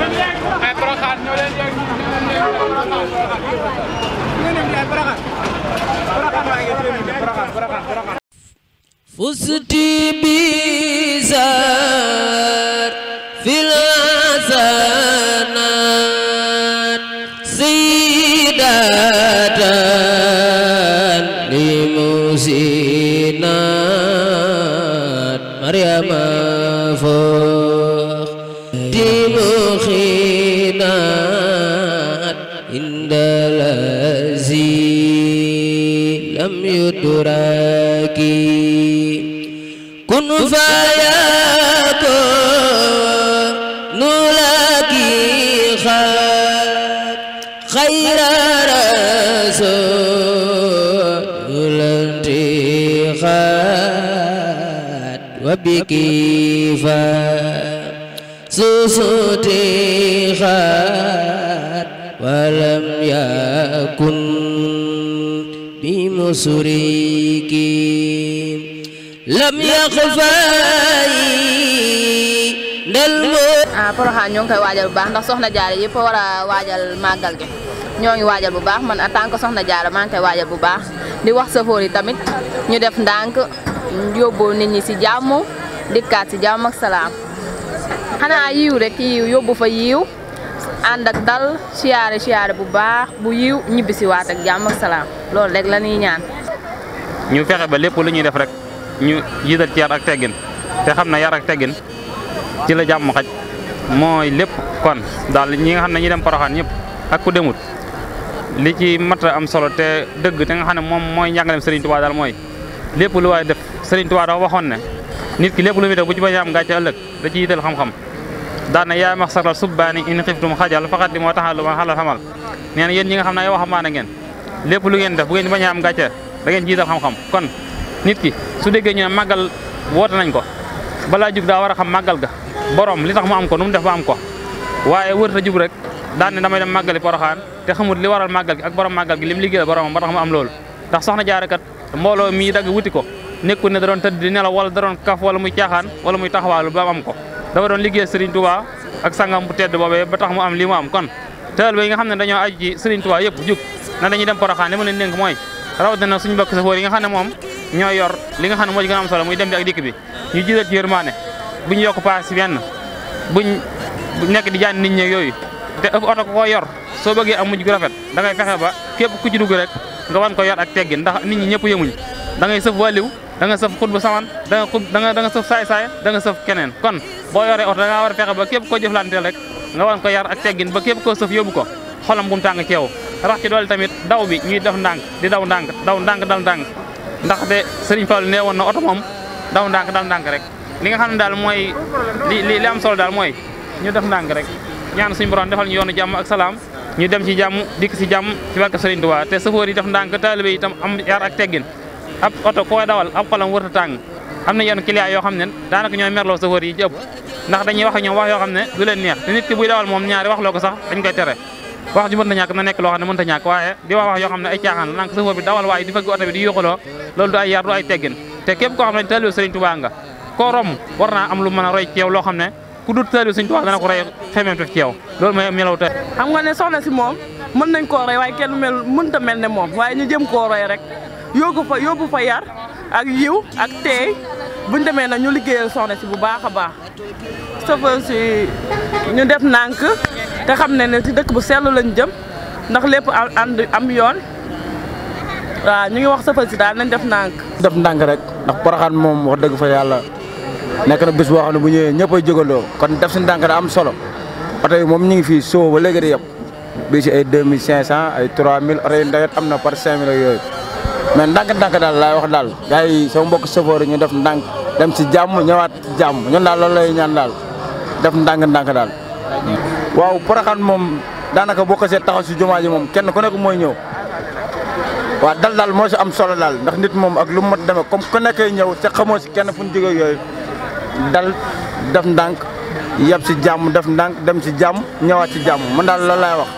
ay Porokhane ñoo leen yegg fusti bizar fil azanat sidatan limusinat Maryama fo تراكي كن فياكو نولاكي خير رسول انتخاب وبكيفا سوسوتي خاد ولم يكن نصرك لم يخفي للمؤمن ah Porokhane ñoo ngi koy waajal bu baax ndax soxna jaara yëpp war a waajal màggal gi ñoo ngi waajal bu baax man en tànk que soxna jaara maa ngi koy waajal bu baax di wax safoor yi tamit ñu def ndànk yóbbu nit ñi si jàmm dikkaat si jàmm ak salaam xanaa yiiw rek yiiw yóbbu fa yiiw ànd ak dal siyaare siyaare bu baax bu yiw ñibbi si waat ak jàmm ak salaam loolu la ñuy ñaan. ñu fexe ba lépp lu ñuy def rek ñu jiital ci yar ak teggin te xam na yar ak teggin ci la jàmm xaj mooy lépp kon daal ñi nga xam ne ñu dem Poroxaan ñëpp ak ku demut li ci mat am solo te dëgg te nga xam ne moom mooy njàngaleem Serigne Touba daal mooy lépp lu waay def Serigne Touba dafa waxoon ne nit ki lépp lu muy def bu ci bañ a am gàcce ëllëg da ci yiital xam-xam. daan na yaa maxsaral subbaani in xiftum xajal faqat li moo taxal lu ma xalal xamal nee na yéen ñi nga xam ne ay lépp lu ngeen def bu ngeen bañ a am gàcce da jiital xam-xam kon nit ki su déggee ñu ne màggal woote nañ ko balaa jug daa war a xam màggal ga borom li tax mu am ko nu mu def ba am ko waaye wër ta jub rek daan ne damay dem màggali poroxaan te xamul li waral màggal gi ak borom màggal gi lim liggéeyal boromam ba tax mu am loolu ndax soxna jaarakat mbooloo mii dagg wuti ko nekkul ne da doon tëdd di wala da doon wala muy caaxaan wala muy taxawaalu ba ko dafa doon liggéey Serigne Touba ak sangam bu tedd boobee ba tax mu am li mu kon taalibe yi nga xam ne dañoo aju ci Serigne Touba yëpp jug na dañuy dem Porokhane li ma leen dénk mooy rawatina suñu mbokk safoor yi nga xam ne moom ñoo yor li nga xam ne moo ci gën a am solo muy dem bi ak dikk bi ñu jiital ci yërmaane buñ yokk paas benn buñ nekk di jaan nit ñi yooyu te ëpp oto ko yor soo bëggee am mujj gu rafet da ngay fexe ba képp ku ci dugg rek nga wan ko yor ak teggin ndax nit ñi ñëpp yemuñ da ngay sëf danga nga sëf xut bu saman da da nga da nga sëf saay-saay da nga sëf keneen kon boo yore oto da ngaa war a ba képp koo jëflanteel rek nga wan ko yar ak teggin ba képp koo sëf yóbbu ko xolam bu mu tàng ci yow rax ci doole tamit daw bi ñuy def ndànk di daw ndànk daw ndànk dal ndànk ndax de Serigne Fall nee woon na oto moom daw ndànk dal ndànk rek li nga xam ne daal mooy li li am solo daal mooy ñu def ndànk rek ñaan suñu borom defal ñu yoonu jàmm ak salaam ñu dem ci jàmm dikk si jàmm ci barke Serigne Touba te sëfoor yi def ndànk taalibe yi itam am yar ak teggin ab oto koo dawal ab xolam wërta tàng am na yenn client yoo xam ne daanaka ñooy merloo sofër yi ci ëpp ndax dañuy wax ñoom wax yoo xam ne du leen neex te nit ki buy dawal moom ñaari wax loo sax dañ koy tere wax ju na nekk loo ne mënta ñàkk di wax wax yoo ne ay caaxaan la nank bi dawal waaye di fëgg oto bi di yuuxaloo loolu du ay yar du ay teggin te képp koo xam ne taalibe Sëriñ Tuubaa nga koo romb war naa am lu mën a roy ci yóbbu fa yóbbu fa yar ak yiw ak teey buñ demee nag ñu liggéeyal soxna si bu baax a baax chauffeur si ñu def nànk te xam ne ne si dëkk bu sell lañ jëm ndax lépp ànd am yoon waaw ñu ngi wax chauffeur si daal nañ def nànk def ndànk rek ndax Porokhane moom wax dëgg fa yàlla nekk na bis boo xam ne bu ñëwee ñëpp ay jógandoo kon def si ndànk da am solo ote yi moom ñu ngi fii soo ba léegi di yëpp bii si ay 2500 ay 3000 oto yi ndawet am na par 5000 ak yooyu mais ndànk-ndànk daal laay wax daal gars yi sama mbokk chauffeur ñu def ndànk dem si jàmm ñëwaat si jàmm ñun daal loolu lay ñaan daal def ndànk-ndànk daal. waaw Porokhane moom daanaka boo ko see taxaw si jumaa ji moom kenn ku nekk mooy ñëw waaw dal daal moo si am solo daal ndax nit moom ak lu mu mot demee comme ku nekkee ñëw te xamoo si kenn fu ñu jógee yooyu dal def ndànk yeb si jàmm def ndànk dem si jàmm ñëwaat si jàmm man daal loolu laay wax.